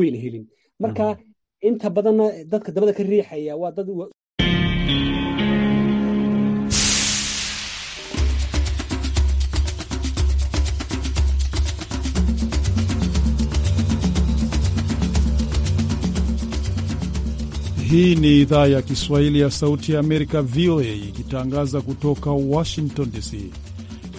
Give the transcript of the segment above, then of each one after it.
wayna helin marka inta badanna dadka dabada ka riixaya waa dad Hii ni idhaa ya Kiswahili ya Sauti ya Amerika, VOA, ikitangaza kutoka Washington DC.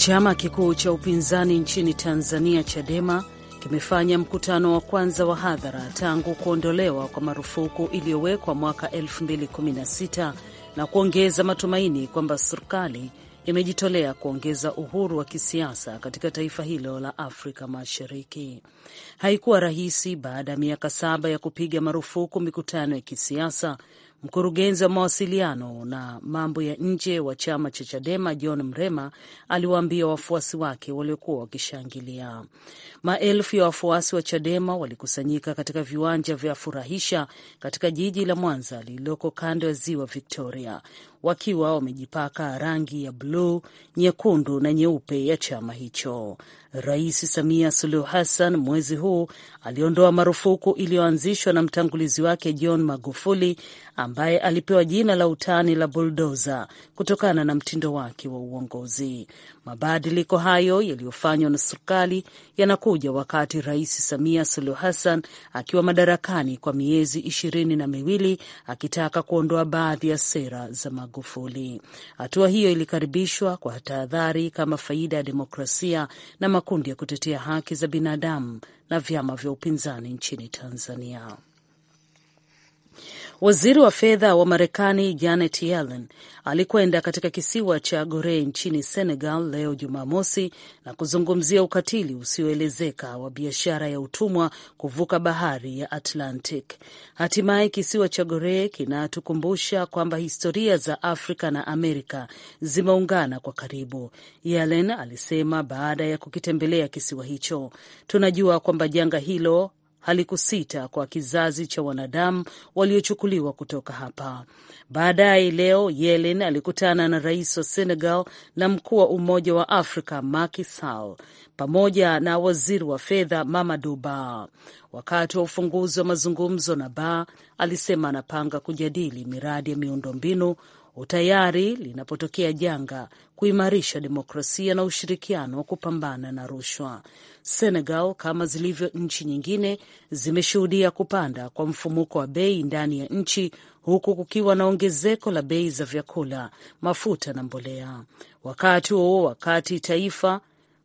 Chama kikuu cha upinzani nchini Tanzania, Chadema, kimefanya mkutano wa kwanza wa hadhara tangu kuondolewa kwa marufuku iliyowekwa mwaka 2016 na kuongeza matumaini kwamba serikali imejitolea kuongeza uhuru wa kisiasa katika taifa hilo la Afrika Mashariki. Haikuwa rahisi baada ya miaka saba ya kupiga marufuku mikutano ya kisiasa Mkurugenzi wa mawasiliano na mambo ya nje wa chama cha Chadema John Mrema aliwaambia wafuasi wake waliokuwa wakishangilia. Maelfu ya wafuasi wa Chadema walikusanyika katika viwanja vya Furahisha katika jiji la Mwanza lililoko kando ya ziwa Victoria, wakiwa wamejipaka rangi ya bluu, nyekundu na nyeupe ya chama hicho. Rais Samia Suluhu Hassan mwezi huu aliondoa marufuku iliyoanzishwa na mtangulizi wake John Magufuli ambaye alipewa jina la utani la buldoza kutokana na mtindo wake wa uongozi. Mabadiliko hayo yaliyofanywa na serikali yanakuja wakati Rais Samia Suluhu Hassan akiwa madarakani kwa miezi ishirini na miwili akitaka kuondoa baadhi ya sera za Magufuli. Hatua hiyo ilikaribishwa kwa tahadhari kama faida ya demokrasia na makundi ya kutetea haki za binadamu na vyama vya upinzani nchini Tanzania. Waziri wa fedha wa Marekani Janet Yellen alikwenda katika kisiwa cha Goree nchini Senegal leo Jumamosi na kuzungumzia ukatili usioelezeka wa biashara ya utumwa kuvuka bahari ya Atlantic. Hatimaye kisiwa cha Goree kinatukumbusha kwamba historia za Afrika na Amerika zimeungana kwa karibu, Yellen alisema baada ya kukitembelea kisiwa hicho. Tunajua kwamba janga hilo halikusita kwa kizazi cha wanadamu waliochukuliwa kutoka hapa. Baadaye leo Yellen alikutana na rais wa Senegal na mkuu wa Umoja wa Afrika Macky Sall pamoja na waziri wa fedha Mamadou Ba. Wakati wa ufunguzi wa mazungumzo na Ba alisema anapanga kujadili miradi ya miundombinu utayari linapotokea janga, kuimarisha demokrasia na ushirikiano wa kupambana na rushwa. Senegal kama zilivyo nchi nyingine zimeshuhudia kupanda kwa mfumuko wa bei ndani ya nchi huku kukiwa na ongezeko la bei za vyakula, mafuta na mbolea. Wakati huo, wakati taifa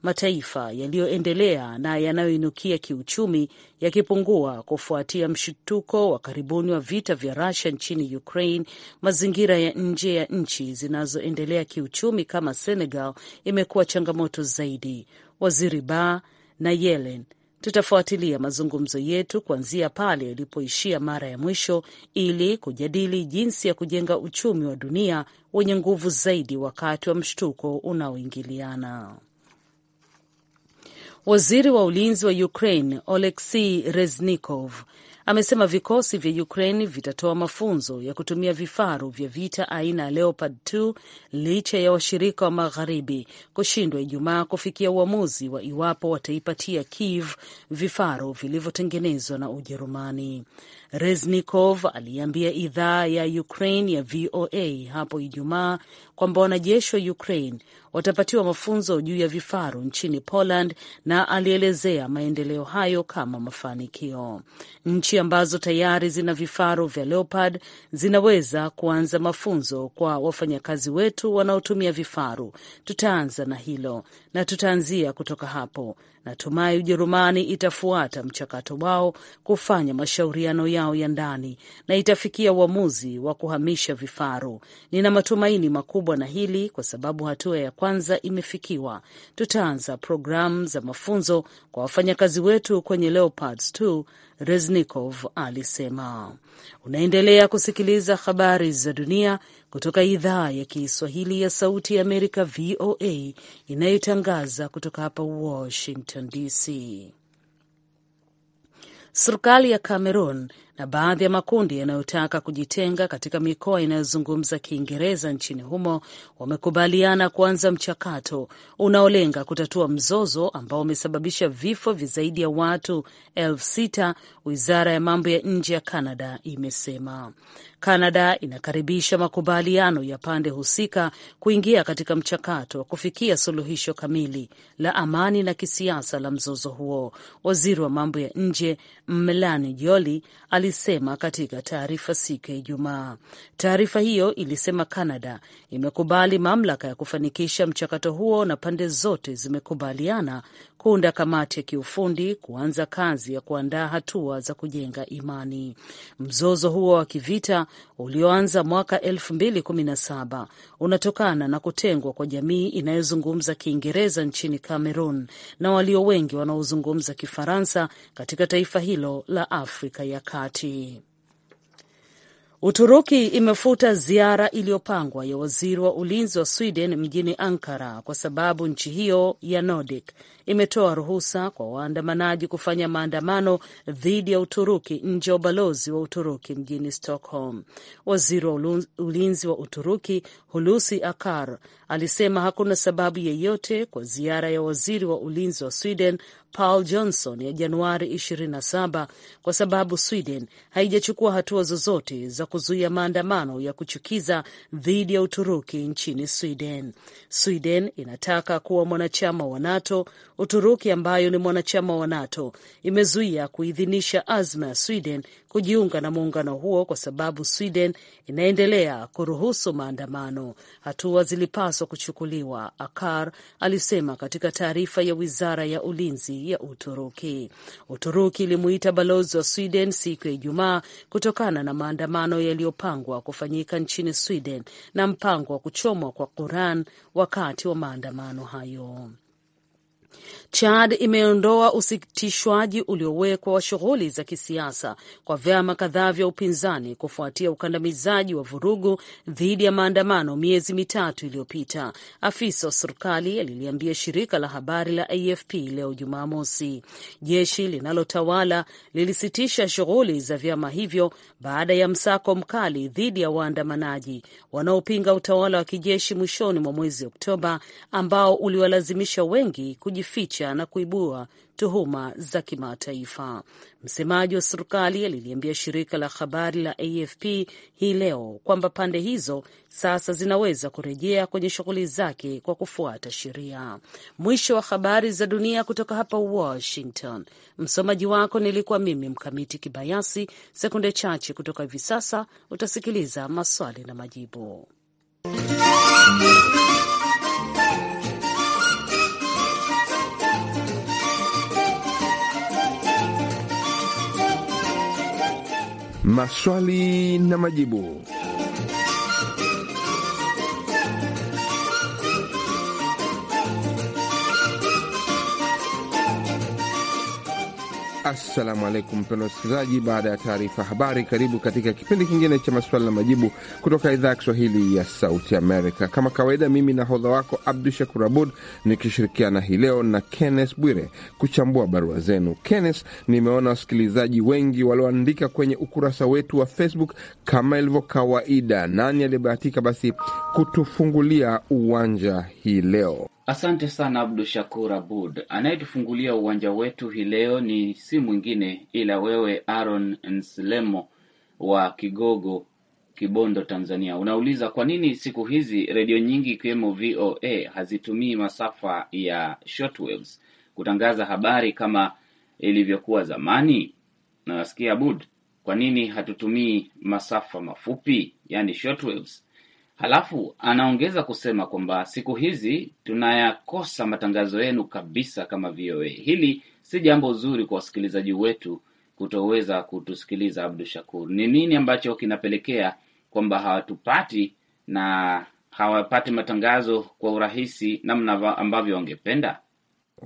mataifa yaliyoendelea na yanayoinukia kiuchumi yakipungua kufuatia mshtuko wa karibuni wa vita vya Russia nchini Ukraine, mazingira ya nje ya nchi zinazoendelea kiuchumi kama Senegal imekuwa changamoto zaidi. Waziri Ba na Yellen tutafuatilia mazungumzo yetu kuanzia pale yalipoishia mara ya mwisho ili kujadili jinsi ya kujenga uchumi wa dunia wenye nguvu zaidi wakati wa mshtuko unaoingiliana. Waziri wa ulinzi wa Ukraine Oleksii Reznikov amesema vikosi vya Ukraine vitatoa mafunzo ya kutumia vifaru vya vita aina ya Leopard 2 licha ya washirika wa magharibi kushindwa Ijumaa kufikia uamuzi wa iwapo wataipatia Kiev vifaru vilivyotengenezwa na Ujerumani. Reznikov aliambia idhaa ya Ukraine ya VOA hapo Ijumaa kwamba wanajeshi wa Ukraine watapatiwa mafunzo juu ya vifaru nchini Poland na alielezea maendeleo hayo kama mafanikio nchi nchi ambazo tayari zina vifaru vya Leopard zinaweza kuanza mafunzo kwa wafanyakazi wetu wanaotumia vifaru. Tutaanza na hilo na tutaanzia kutoka hapo. Natumai Ujerumani itafuata mchakato wao kufanya mashauriano yao ya ndani na itafikia uamuzi wa kuhamisha vifaru. Nina matumaini makubwa na hili kwa sababu hatua ya kwanza imefikiwa. Tutaanza programu za mafunzo kwa wafanyakazi wetu kwenye Leopards 2, Reznikov alisema. Unaendelea kusikiliza habari za dunia kutoka idhaa ya Kiswahili ya Sauti ya Amerika, VOA, inayotangaza kutoka hapa Washington DC. Serikali ya Cameroon na baadhi ya makundi yanayotaka kujitenga katika mikoa inayozungumza Kiingereza nchini humo wamekubaliana kuanza mchakato unaolenga kutatua mzozo ambao umesababisha vifo vya zaidi ya watu elfu sita, wizara ya mambo ya nje ya Kanada imesema. Kanada inakaribisha makubaliano ya pande husika kuingia katika mchakato wa kufikia suluhisho kamili la amani na kisiasa la mzozo huo. Waziri wa mambo ya nje Mmelani Joli alisema katika taarifa siku ya Ijumaa. Taarifa hiyo ilisema Canada imekubali mamlaka ya kufanikisha mchakato huo na pande zote zimekubaliana kuunda kamati ya kiufundi kuanza kazi ya kuandaa hatua za kujenga imani. Mzozo huo wa kivita ulioanza mwaka 2017 unatokana na kutengwa kwa jamii inayozungumza Kiingereza nchini Cameroon na walio wengi wanaozungumza Kifaransa katika taifa hilo la Afrika ya Kati. Uturuki imefuta ziara iliyopangwa ya waziri wa ulinzi wa Sweden mjini Ankara kwa sababu nchi hiyo ya Nordic imetoa ruhusa kwa waandamanaji kufanya maandamano dhidi ya Uturuki nje ya ubalozi wa Uturuki mjini Stockholm. Waziri wa ulinzi wa Uturuki Hulusi Akar alisema hakuna sababu yeyote kwa ziara ya waziri wa ulinzi wa Sweden Paul Johnson ya Januari 27 kwa sababu Sweden haijachukua hatua zozote za kuzuia maandamano ya kuchukiza dhidi ya Uturuki nchini Sweden. Sweden inataka kuwa mwanachama wa NATO. Uturuki ambayo ni mwanachama wa NATO imezuia kuidhinisha azma ya Sweden kujiunga na muungano huo kwa sababu Sweden inaendelea kuruhusu maandamano. Hatua zilipaswa kuchukuliwa, Akar alisema katika taarifa ya wizara ya ulinzi ya Uturuki. Uturuki ilimuita balozi wa Sweden siku ya Ijumaa kutokana na maandamano yaliyopangwa kufanyika nchini Sweden na mpango wa kuchomwa kwa Quran wakati wa maandamano hayo. Chad imeondoa usitishwaji uliowekwa wa shughuli za kisiasa kwa vyama kadhaa vya upinzani kufuatia ukandamizaji wa vurugu dhidi ya maandamano miezi mitatu iliyopita, afisa wa serikali aliliambia shirika la habari la AFP leo Jumamosi. Jeshi linalotawala lilisitisha shughuli za vyama hivyo baada ya msako mkali dhidi ya waandamanaji wanaopinga utawala wa kijeshi mwishoni mwa mwezi Oktoba, ambao uliwalazimisha wengi kujificha picha na kuibua tuhuma za kimataifa. Msemaji wa serikali aliliambia shirika la habari la AFP hii leo kwamba pande hizo sasa zinaweza kurejea kwenye shughuli zake kwa kufuata sheria. Mwisho wa habari za dunia kutoka hapa Washington. Msomaji wako nilikuwa mimi Mkamiti Kibayasi. Sekunde chache kutoka hivi sasa utasikiliza maswali na majibu. Maswali na majibu. Assalamu alaikum mpendwa msikilizaji, baada ya taarifa habari, karibu katika kipindi kingine cha maswali na majibu kutoka idhaa ya Kiswahili ya Sauti Amerika. Kama kawaida, mimi nahodha wako Abdu Shakur Abud nikishirikiana hii leo na Kennes Bwire kuchambua barua zenu. Kennes, nimeona wasikilizaji wengi walioandika kwenye ukurasa wetu wa Facebook. Kama ilivyo kawaida, nani aliyebahatika basi kutufungulia uwanja hii leo? Asante sana Abdu Shakur Abud. Anayetufungulia uwanja wetu hii leo ni si mwingine ila wewe Aaron Nslemo wa Kigogo, Kibondo, Tanzania. Unauliza kwa nini siku hizi redio nyingi ikiwemo VOA hazitumii masafa ya shortwaves kutangaza habari kama ilivyokuwa zamani. Nawasikia Abud, kwa nini hatutumii masafa mafupi, yani shortwaves? Halafu anaongeza kusema kwamba siku hizi tunayakosa matangazo yenu kabisa kama VOA. Hili si jambo zuri kwa wasikilizaji wetu kutoweza kutusikiliza. Abdu Shakur, ni nini ambacho kinapelekea kwamba hawatupati na hawapati matangazo kwa urahisi namna ambavyo wangependa?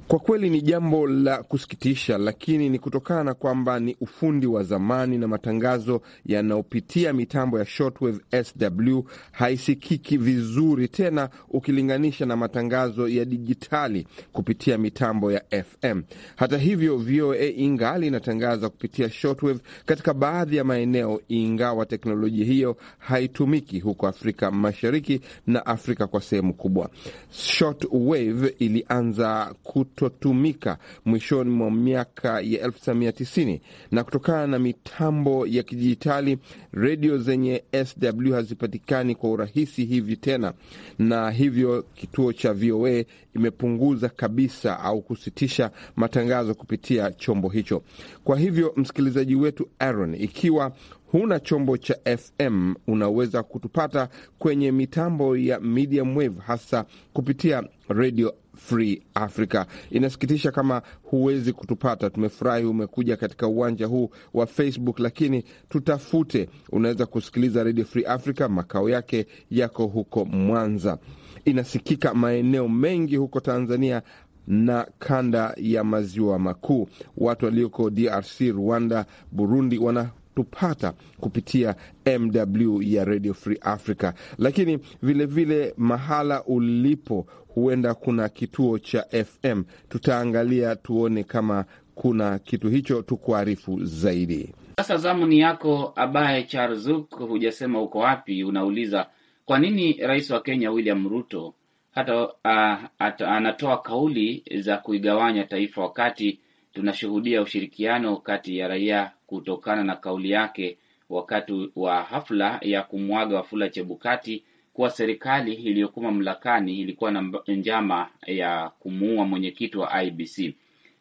Kwa kweli ni jambo la kusikitisha, lakini ni kutokana na kwamba ni ufundi wa zamani na matangazo yanayopitia mitambo ya shortwave SW haisikiki vizuri tena ukilinganisha na matangazo ya dijitali kupitia mitambo ya FM. Hata hivyo, VOA ingali inatangaza kupitia shortwave katika baadhi ya maeneo, ingawa teknolojia hiyo haitumiki huko Afrika Mashariki na Afrika kwa sehemu kubwa. Shortwave ilianza kutotumika mwishoni mwa miaka ya 1990 na kutokana na mitambo ya kidijitali, redio zenye SW hazipatikani kwa urahisi hivi tena, na hivyo kituo cha VOA imepunguza kabisa au kusitisha matangazo kupitia chombo hicho. Kwa hivyo, msikilizaji wetu Aaron, ikiwa huna chombo cha FM unaweza kutupata kwenye mitambo ya medium wave, hasa kupitia Radio Free Africa. Inasikitisha kama huwezi kutupata. Tumefurahi umekuja katika uwanja huu wa Facebook, lakini tutafute, unaweza kusikiliza Radio Free Africa. Makao yake yako huko Mwanza, inasikika maeneo mengi huko Tanzania na kanda ya maziwa makuu. Watu walioko DRC, Rwanda, Burundi wana unatupata kupitia MW ya Radio Free Africa, lakini vilevile vile mahala ulipo huenda kuna kituo cha FM. Tutaangalia tuone kama kuna kitu hicho, tukuarifu zaidi. Sasa zamu ni yako, Abaye Charzuk, hujasema uko wapi. Unauliza kwa nini rais wa Kenya William Ruto hata, uh, ah, hata anatoa kauli za kuigawanya taifa wakati tunashuhudia ushirikiano kati ya raia kutokana na kauli yake wakati wa hafla ya kumwaga Wafula Chebukati kuwa serikali iliyokuwa mamlakani ilikuwa na njama ya kumuua mwenyekiti wa IBC.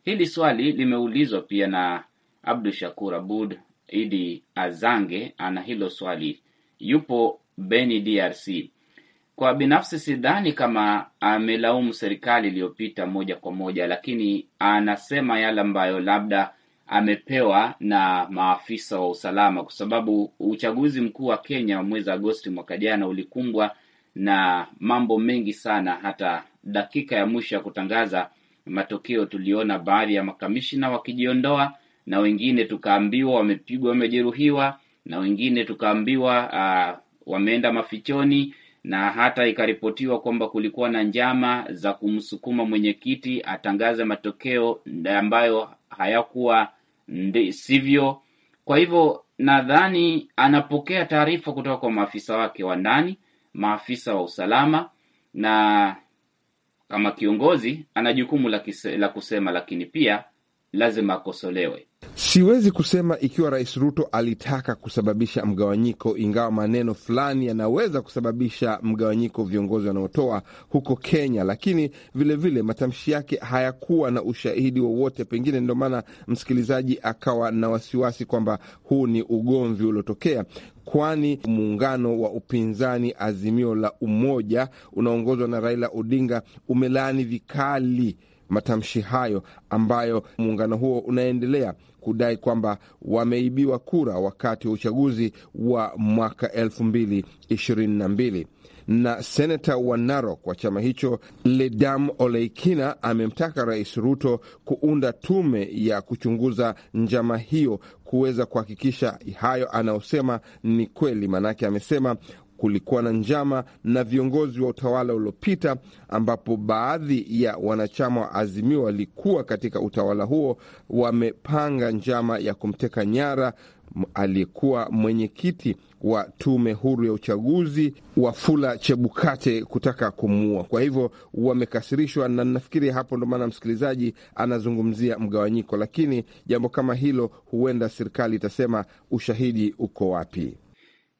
Hili swali limeulizwa pia na Abdu Shakur Abud. Idi Azange ana hilo swali, yupo Beni, DRC. Kwa binafsi sidhani kama amelaumu serikali iliyopita moja kwa moja, lakini anasema yale ambayo labda amepewa na maafisa wa usalama, kwa sababu uchaguzi mkuu wa Kenya mwezi Agosti mwaka jana ulikumbwa na mambo mengi sana. Hata dakika ya mwisho ya kutangaza matokeo tuliona baadhi ya makamishina wakijiondoa, na wengine tukaambiwa wamepigwa, wamejeruhiwa, na wengine tukaambiwa uh, wameenda mafichoni na hata ikaripotiwa kwamba kulikuwa na njama za kumsukuma mwenyekiti atangaze matokeo ambayo hayakuwa sivyo. Kwa hivyo nadhani anapokea taarifa kutoka kwa maafisa wake wa ndani, maafisa wa usalama, na kama kiongozi ana jukumu la kusema, lakini pia lazima akosolewe. Siwezi kusema ikiwa Rais Ruto alitaka kusababisha mgawanyiko, ingawa maneno fulani yanaweza kusababisha mgawanyiko viongozi wanaotoa huko Kenya, lakini vilevile vile matamshi yake hayakuwa na ushahidi wowote. Pengine ndio maana msikilizaji akawa na wasiwasi kwamba huu ni ugomvi uliotokea kwani muungano wa upinzani Azimio la Umoja unaoongozwa na Raila Odinga umelaani vikali matamshi hayo ambayo muungano huo unaendelea kudai kwamba wameibiwa kura wakati wa uchaguzi wa mwaka 2022 na senata wa Narok wa chama hicho Ledam Oleikina amemtaka Rais Ruto kuunda tume ya kuchunguza njama hiyo kuweza kuhakikisha hayo anayosema ni kweli. Maanake amesema kulikuwa na njama na viongozi wa utawala uliopita, ambapo baadhi ya wanachama wa Azimio walikuwa katika utawala huo wamepanga njama ya kumteka nyara aliyekuwa mwenyekiti wa tume huru ya uchaguzi Wafula Chebukate kutaka kumuua. Kwa hivyo wamekasirishwa, na nafikiri hapo ndo maana msikilizaji anazungumzia mgawanyiko. Lakini jambo kama hilo, huenda serikali itasema ushahidi uko wapi?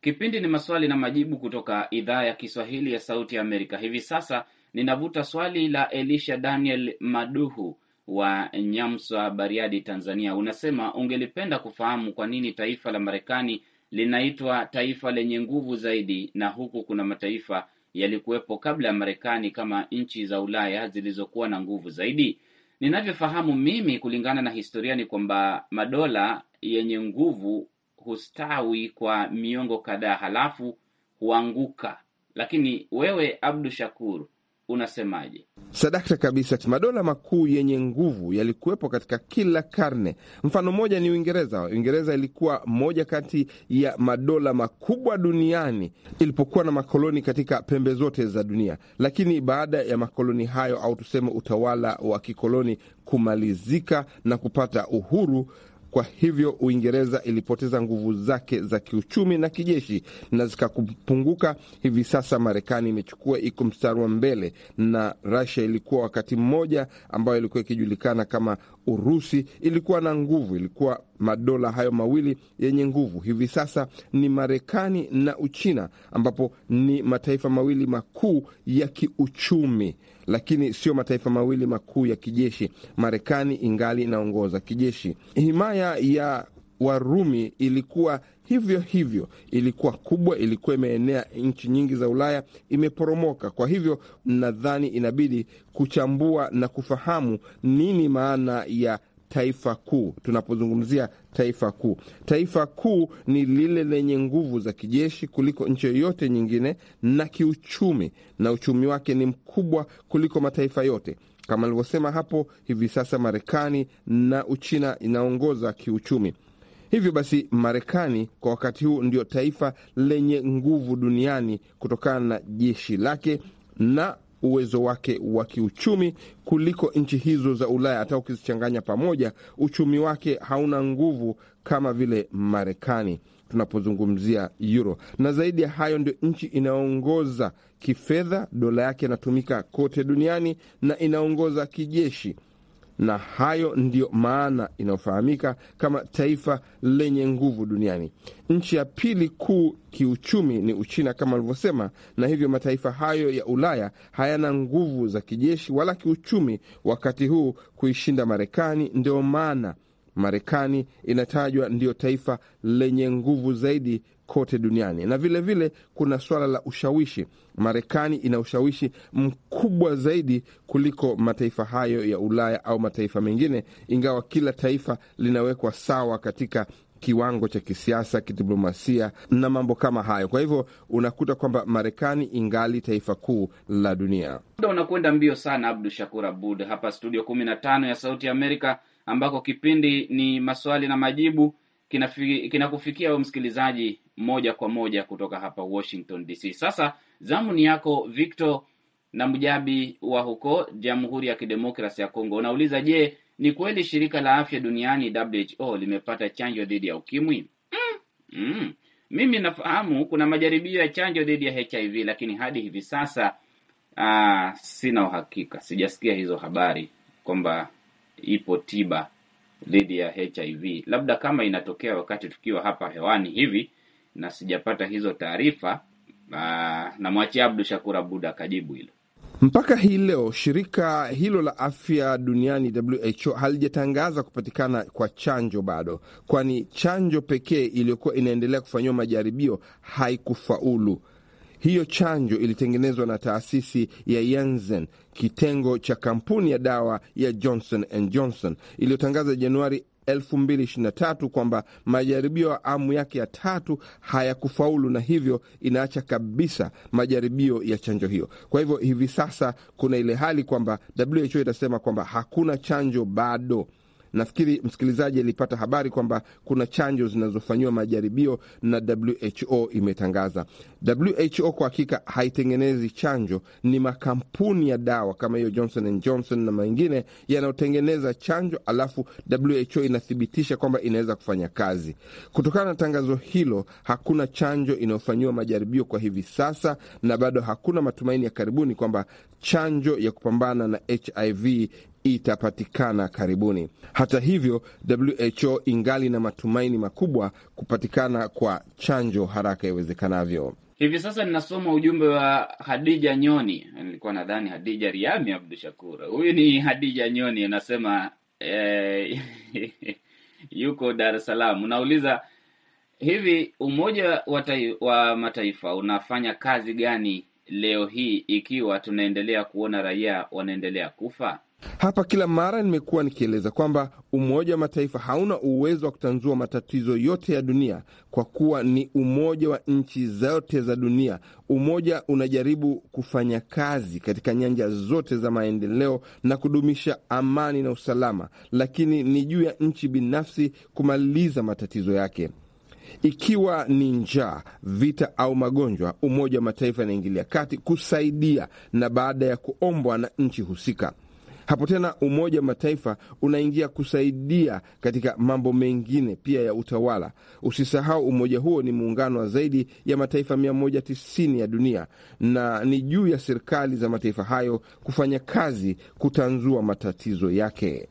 Kipindi ni maswali na majibu kutoka idhaa ya Kiswahili ya Sauti ya Amerika. Hivi sasa ninavuta swali la Elisha Daniel Maduhu wa Nyamswa, Bariadi, Tanzania. Unasema ungelipenda kufahamu kwa nini taifa la Marekani linaitwa taifa lenye nguvu zaidi, na huku kuna mataifa yalikuwepo kabla ya Marekani kama nchi za Ulaya zilizokuwa na nguvu zaidi. Ninavyofahamu mimi, kulingana na historia, ni kwamba madola yenye nguvu hustawi kwa miongo kadhaa halafu huanguka. Lakini wewe Abdu Shakur unasemaje? Sadakta kabisa. Madola makuu yenye nguvu yalikuwepo katika kila karne. Mfano mmoja ni Uingereza. Uingereza ilikuwa moja kati ya madola makubwa duniani ilipokuwa na makoloni katika pembe zote za dunia, lakini baada ya makoloni hayo au tuseme utawala wa kikoloni kumalizika na kupata uhuru, kwa hivyo Uingereza ilipoteza nguvu zake za kiuchumi na kijeshi na zikakupunguka. Hivi sasa Marekani imechukua iko mstari wa mbele, na rasia ilikuwa wakati mmoja ambayo ilikuwa ikijulikana kama Urusi ilikuwa na nguvu, ilikuwa madola hayo mawili yenye nguvu. Hivi sasa ni Marekani na Uchina, ambapo ni mataifa mawili makuu ya kiuchumi, lakini sio mataifa mawili makuu ya kijeshi. Marekani ingali inaongoza kijeshi. Himaya ya Warumi ilikuwa hivyo hivyo, ilikuwa kubwa, ilikuwa imeenea nchi nyingi za Ulaya, imeporomoka. Kwa hivyo nadhani inabidi kuchambua na kufahamu nini maana ya taifa kuu. Tunapozungumzia taifa kuu, taifa kuu ni lile lenye nguvu za kijeshi kuliko nchi yoyote nyingine na kiuchumi, na uchumi wake ni mkubwa kuliko mataifa yote. Kama alivyosema hapo, hivi sasa Marekani na Uchina inaongoza kiuchumi. Hivyo basi, Marekani kwa wakati huu ndio taifa lenye nguvu duniani kutokana na jeshi lake na uwezo wake wa kiuchumi kuliko nchi hizo za Ulaya. Hata ukizichanganya pamoja, uchumi wake hauna nguvu kama vile Marekani tunapozungumzia euro. Na zaidi ya hayo, ndio nchi inayoongoza kifedha, dola yake inatumika kote duniani na inaongoza kijeshi na hayo ndiyo maana inayofahamika kama taifa lenye nguvu duniani. Nchi ya pili kuu kiuchumi ni Uchina kama alivyosema, na hivyo mataifa hayo ya Ulaya hayana nguvu za kijeshi wala kiuchumi wakati huu kuishinda Marekani, ndio maana Marekani inatajwa ndiyo taifa lenye nguvu zaidi kote duniani, na vilevile vile kuna suala la ushawishi. Marekani ina ushawishi mkubwa zaidi kuliko mataifa hayo ya Ulaya au mataifa mengine, ingawa kila taifa linawekwa sawa katika kiwango cha kisiasa, kidiplomasia na mambo kama hayo. Kwa hivyo unakuta kwamba Marekani ingali taifa kuu la dunia. Unakwenda mbio sana, Abdu Shakur Abud. Hapa studio kumi na tano ya Sauti ya Amerika ambako kipindi ni maswali na majibu kinakufikia kina msikilizaji moja kwa moja kutoka hapa Washington DC. Sasa zamu ni yako Victor na Mjabi wa huko Jamhuri ya Kidemokrasi ya Kongo. Unauliza, je, ni kweli shirika la afya duniani WHO limepata chanjo dhidi ya ukimwi? Mm. Mm. Mimi nafahamu kuna majaribio ya chanjo dhidi ya HIV lakini hadi hivi sasa aa, ah, sina uhakika, sijasikia hizo habari kwamba ipo tiba dhidi ya HIV, labda kama inatokea wakati tukiwa hapa hewani hivi na sijapata hizo taarifa, ah, namwachia Abdu Shakur Abud akajibu hilo. Mpaka hii leo shirika hilo la afya duniani WHO halijatangaza kupatikana kwa chanjo bado, kwani chanjo pekee iliyokuwa inaendelea kufanyiwa majaribio haikufaulu. Hiyo chanjo ilitengenezwa na taasisi ya Janssen, kitengo cha kampuni ya dawa ya Johnson and Johnson iliyotangaza Januari 2023 kwamba majaribio ya amu yake ya tatu hayakufaulu na hivyo inaacha kabisa majaribio ya chanjo hiyo. Kwa hivyo hivi sasa kuna ile hali kwamba WHO itasema kwamba hakuna chanjo bado Nafikiri msikilizaji alipata habari kwamba kuna chanjo zinazofanyiwa majaribio na WHO imetangaza. WHO kwa hakika haitengenezi chanjo, ni makampuni ya dawa kama hiyo Johnson and Johnson na mengine yanayotengeneza chanjo, alafu WHO inathibitisha kwamba inaweza kufanya kazi. Kutokana na tangazo hilo, hakuna chanjo inayofanyiwa majaribio kwa hivi sasa, na bado hakuna matumaini ya karibuni kwamba chanjo ya kupambana na HIV itapatikana karibuni. Hata hivyo, WHO ingali na matumaini makubwa kupatikana kwa chanjo haraka iwezekanavyo. Hivi sasa ninasoma ujumbe wa Hadija Nyoni, nilikuwa nadhani Hadija Riami Abdu Shakur. Huyu ni Hadija Nyoni anasema eh, yuko Dar es Salaam. Unauliza hivi Umoja wa, tai, wa Mataifa unafanya kazi gani leo hii ikiwa tunaendelea kuona raia wanaendelea kufa? Hapa kila mara nimekuwa nikieleza kwamba Umoja wa Mataifa hauna uwezo wa kutanzua matatizo yote ya dunia kwa kuwa ni umoja wa nchi zote za dunia. Umoja unajaribu kufanya kazi katika nyanja zote za maendeleo na kudumisha amani na usalama, lakini ni juu ya nchi binafsi kumaliza matatizo yake. Ikiwa ni njaa, vita au magonjwa, Umoja wa Mataifa inaingilia kati kusaidia, na baada ya kuombwa na nchi husika. Hapo tena Umoja wa Mataifa unaingia kusaidia katika mambo mengine pia ya utawala. Usisahau umoja huo ni muungano wa zaidi ya mataifa 190 ya dunia, na ni juu ya serikali za mataifa hayo kufanya kazi kutanzua matatizo yake.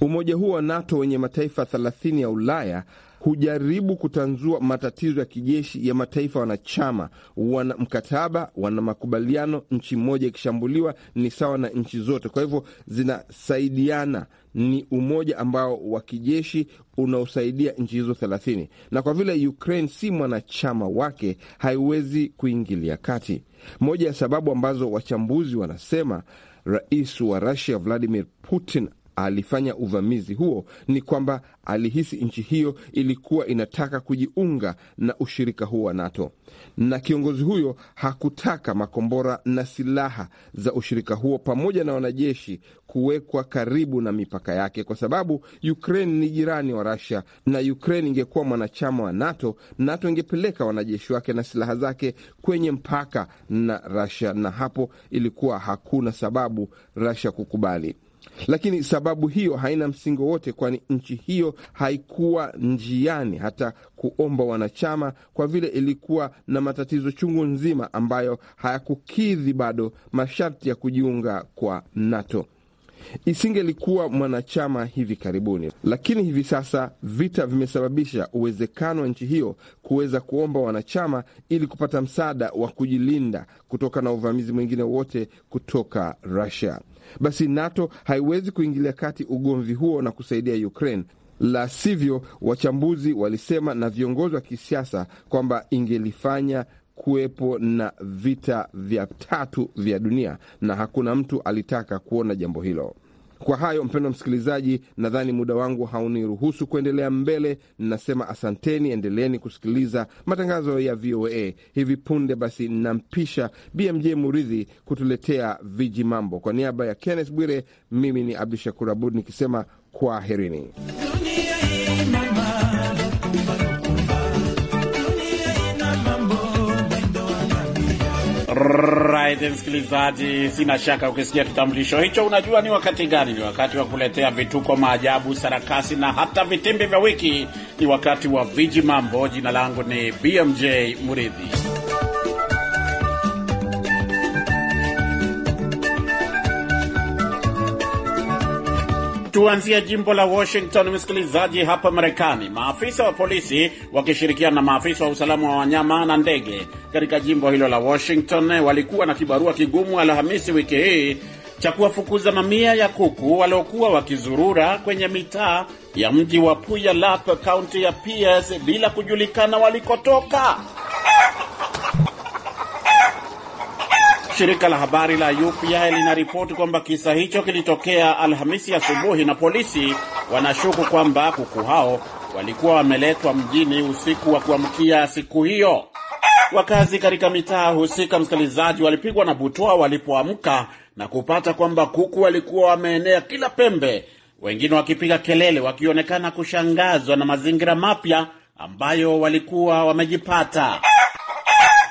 Umoja huo wa NATO wenye mataifa 30 ya Ulaya hujaribu kutanzua matatizo ya kijeshi ya mataifa wanachama. Wana mkataba, wana makubaliano. Nchi moja ikishambuliwa ni sawa na nchi zote, kwa hivyo zinasaidiana. Ni umoja ambao wa kijeshi unaosaidia nchi hizo thelathini, na kwa vile Ukraine si mwanachama wake haiwezi kuingilia kati. Moja ya sababu ambazo wachambuzi wanasema rais wa Rusia Vladimir Putin alifanya uvamizi huo ni kwamba alihisi nchi hiyo ilikuwa inataka kujiunga na ushirika huo wa NATO, na kiongozi huyo hakutaka makombora na silaha za ushirika huo pamoja na wanajeshi kuwekwa karibu na mipaka yake, kwa sababu Ukraine ni jirani wa Russia, na Ukraine ingekuwa mwanachama wa NATO, NATO ingepeleka wanajeshi wake na silaha zake kwenye mpaka na Russia, na hapo ilikuwa hakuna sababu Russia kukubali lakini sababu hiyo haina msingi wowote, kwani nchi hiyo haikuwa njiani hata kuomba wanachama, kwa vile ilikuwa na matatizo chungu nzima ambayo hayakukidhi bado masharti ya kujiunga kwa NATO isingelikuwa mwanachama hivi karibuni, lakini hivi sasa vita vimesababisha uwezekano wa nchi hiyo kuweza kuomba wanachama ili kupata msaada wa kujilinda kutoka na uvamizi mwingine wote kutoka Russia. Basi NATO haiwezi kuingilia kati ugomvi huo na kusaidia Ukraine, la sivyo, wachambuzi walisema na viongozi wa kisiasa kwamba ingelifanya kuwepo na vita vya tatu vya dunia, na hakuna mtu alitaka kuona jambo hilo. Kwa hayo, mpendwa msikilizaji, nadhani muda wangu hauniruhusu kuendelea mbele. Nasema asanteni, endeleeni kusikiliza matangazo ya VOA. Hivi punde basi nampisha BMJ Muridhi kutuletea viji mambo. Kwa niaba ya Kenneth Bwire, mimi ni Abdu Shakur Abud nikisema kwaherini. Right, msikilizaji, sina shaka ukisikia kitambulisho hicho unajua ni wakati gani. Ni wakati wa kuletea vituko, maajabu, sarakasi na hata vitimbi vya wiki. Ni wakati wa viji mambo. Jina langu ni BMJ Muridhi. Tuanzie jimbo la Washington, msikilizaji, hapa Marekani. Maafisa wa polisi wakishirikiana na maafisa wa usalama wa wanyama na ndege katika jimbo hilo la Washington walikuwa na kibarua kigumu Alhamisi wiki hii cha kuwafukuza mamia ya kuku waliokuwa wakizurura kwenye mitaa ya mji wa Puyallup, kaunti ya PS bila kujulikana walikotoka. Shirika la habari la UPI linaripoti kwamba kisa hicho kilitokea Alhamisi asubuhi na polisi wanashuku kwamba kuku hao walikuwa wameletwa mjini usiku wa kuamkia siku hiyo. Wakazi katika mitaa husika, msikilizaji, walipigwa na butoa walipoamka na kupata kwamba kuku walikuwa wameenea kila pembe, wengine wakipiga kelele, wakionekana kushangazwa na mazingira mapya ambayo walikuwa wamejipata.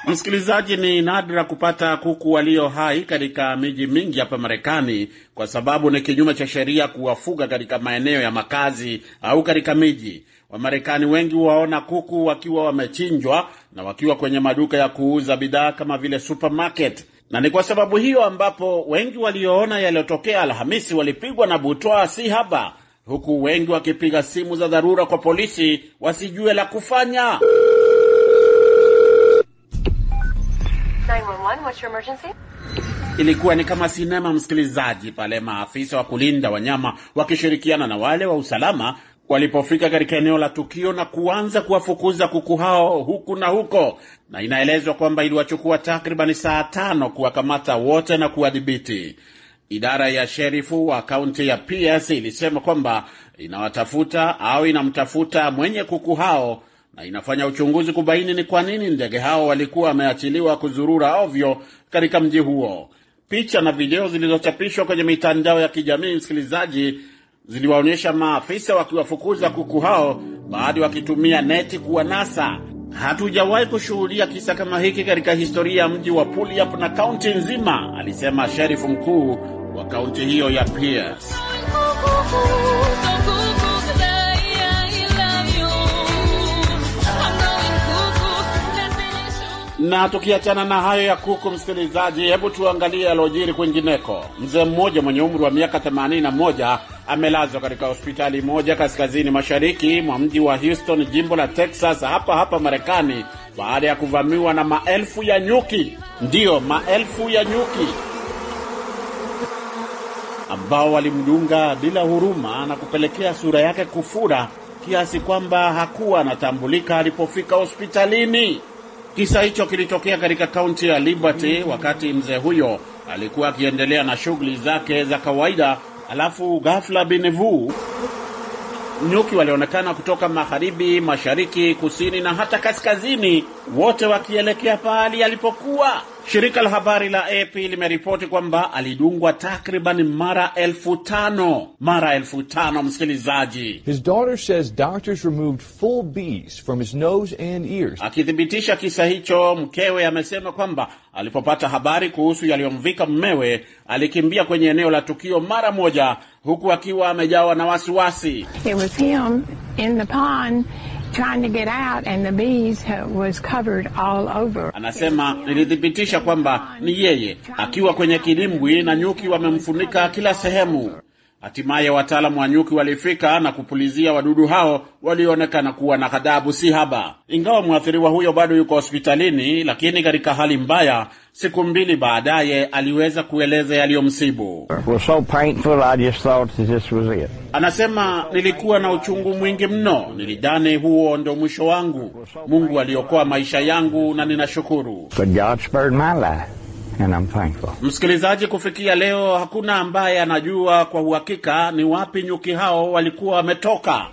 Msikilizaji, ni nadra kupata kuku walio hai katika miji mingi hapa Marekani kwa sababu ni kinyume cha sheria kuwafuga katika maeneo ya makazi au katika miji. Wamarekani wengi waona kuku wakiwa wamechinjwa na wakiwa kwenye maduka ya kuuza bidhaa kama vile supermarket, na ni kwa sababu hiyo ambapo wengi walioona yaliyotokea Alhamisi walipigwa na butwaa si haba, huku wengi wakipiga simu za dharura kwa polisi wasijue la kufanya. Ilikuwa ni kama sinema, msikilizaji, pale maafisa wa kulinda wanyama wakishirikiana na wale wa usalama walipofika katika eneo la tukio na kuanza kuwafukuza kuku hao huku na huko, na inaelezwa kwamba iliwachukua takribani saa tano kuwakamata wote na kuwadhibiti. Idara ya sherifu wa kaunti ya PS ilisema kwamba inawatafuta au inamtafuta mwenye kuku hao na inafanya uchunguzi kubaini ni kwa nini ndege hao walikuwa wameachiliwa kuzurura ovyo katika mji huo. Picha na video zilizochapishwa kwenye mitandao ya kijamii, msikilizaji, ziliwaonyesha maafisa wakiwafukuza kuku hao, baadhi wakitumia neti kuwanasa. Hatujawahi kushuhudia kisa kama hiki katika historia ya mji wa Puliap na kaunti nzima, alisema sherifu mkuu wa kaunti hiyo ya Pierce. Na tukiachana na hayo ya kuku, msikilizaji, hebu tuangalie alojiri kwingineko. Mzee mmoja mwenye umri wa miaka 81 amelazwa katika hospitali moja kaskazini mashariki mwa mji wa Houston, jimbo la Texas, hapa hapa Marekani, baada ya kuvamiwa na maelfu ya nyuki. Ndiyo, maelfu ya nyuki ambao walimdunga bila huruma na kupelekea sura yake kufura kiasi kwamba hakuwa anatambulika alipofika hospitalini. Kisa hicho kilitokea katika kaunti ya Liberty wakati mzee huyo alikuwa akiendelea na shughuli zake za kawaida, alafu ghafla binevu nyuki walionekana kutoka magharibi, mashariki, kusini na hata kaskazini, wote wakielekea pahali alipokuwa Shirika la habari la AP limeripoti kwamba alidungwa takriban mara elfu tano mara elfu tano msikilizaji, akithibitisha kisa hicho. Mkewe amesema kwamba alipopata habari kuhusu yaliyomvika mmewe alikimbia kwenye eneo la tukio mara moja, huku akiwa amejawa na wasiwasi. It was him in the pond trying to get out and the bees was covered all over. Anasema nilithibitisha kwamba ni yeye akiwa kwenye kidimbwi na nyuki wamemfunika kila sehemu. Hatimaye wataalamu wa nyuki walifika na kupulizia wadudu hao walioonekana kuwa na ghadhabu si haba. Ingawa mwathiriwa huyo bado yuko hospitalini, lakini katika hali mbaya. Siku mbili baadaye aliweza kueleza yaliyomsibu. So anasema, nilikuwa na uchungu mwingi mno, nilidhani huo ndo mwisho wangu. Mungu aliokoa maisha yangu na ninashukuru. Msikilizaji, kufikia leo hakuna ambaye anajua kwa uhakika ni wapi nyuki hao walikuwa wametoka.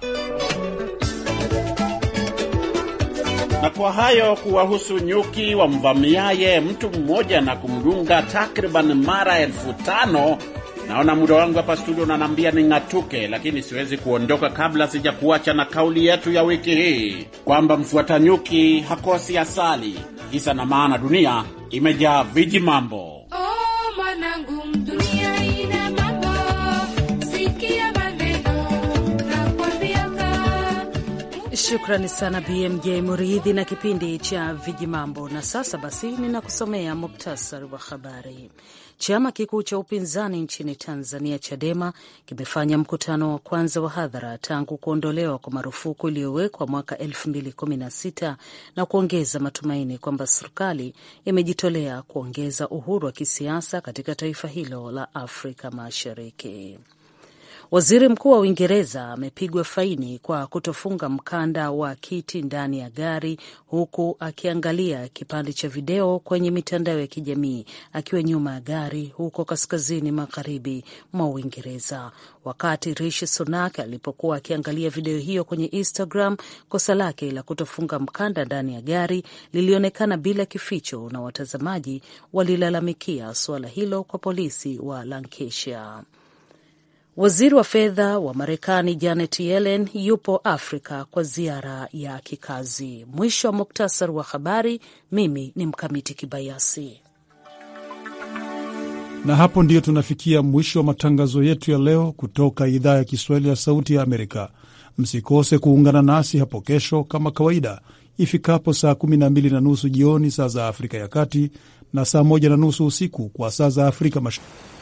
Na kwa hayo kuwahusu nyuki wamvamiaye mtu mmoja na kumdunga takriban mara elfu tano. Naona muda wangu hapa studio nanambia ning'atuke, lakini siwezi kuondoka kabla sijakuacha na kauli yetu ya wiki hii kwamba mfuata nyuki hakosi asali. Kisa na maana dunia imejaa viji mambo. Oh, Shukrani sana BMJ Muridhi na kipindi cha viji mambo. Na sasa basi, ninakusomea muktasari wa habari. Chama kikuu cha upinzani nchini Tanzania, Chadema, kimefanya mkutano wa kwanza wa hadhara tangu kuondolewa kwa marufuku iliyowekwa mwaka 2016 na kuongeza matumaini kwamba serikali imejitolea kuongeza uhuru wa kisiasa katika taifa hilo la Afrika Mashariki. Waziri Mkuu wa Uingereza amepigwa faini kwa kutofunga mkanda wa kiti ndani ya gari huku akiangalia kipande cha video kwenye mitandao ya kijamii akiwa nyuma ya gari huko kaskazini magharibi mwa Uingereza. Wakati Rishi Sunak alipokuwa akiangalia video hiyo kwenye Instagram, kosa lake la kutofunga mkanda ndani ya gari lilionekana bila kificho, na watazamaji walilalamikia suala hilo kwa polisi wa Lancashire. Waziri wa fedha wa Marekani Janet Yellen yupo Afrika kwa ziara ya kikazi. Mwisho wa muktasar wa habari. Mimi ni Mkamiti Kibayasi, na hapo ndiyo tunafikia mwisho wa matangazo yetu ya leo kutoka idhaa ya Kiswahili ya Sauti ya Amerika. Msikose kuungana nasi hapo kesho kama kawaida ifikapo saa 12 na nusu jioni saa za Afrika ya Kati na saa 1 na nusu usiku kwa saa za Afrika Mashariki.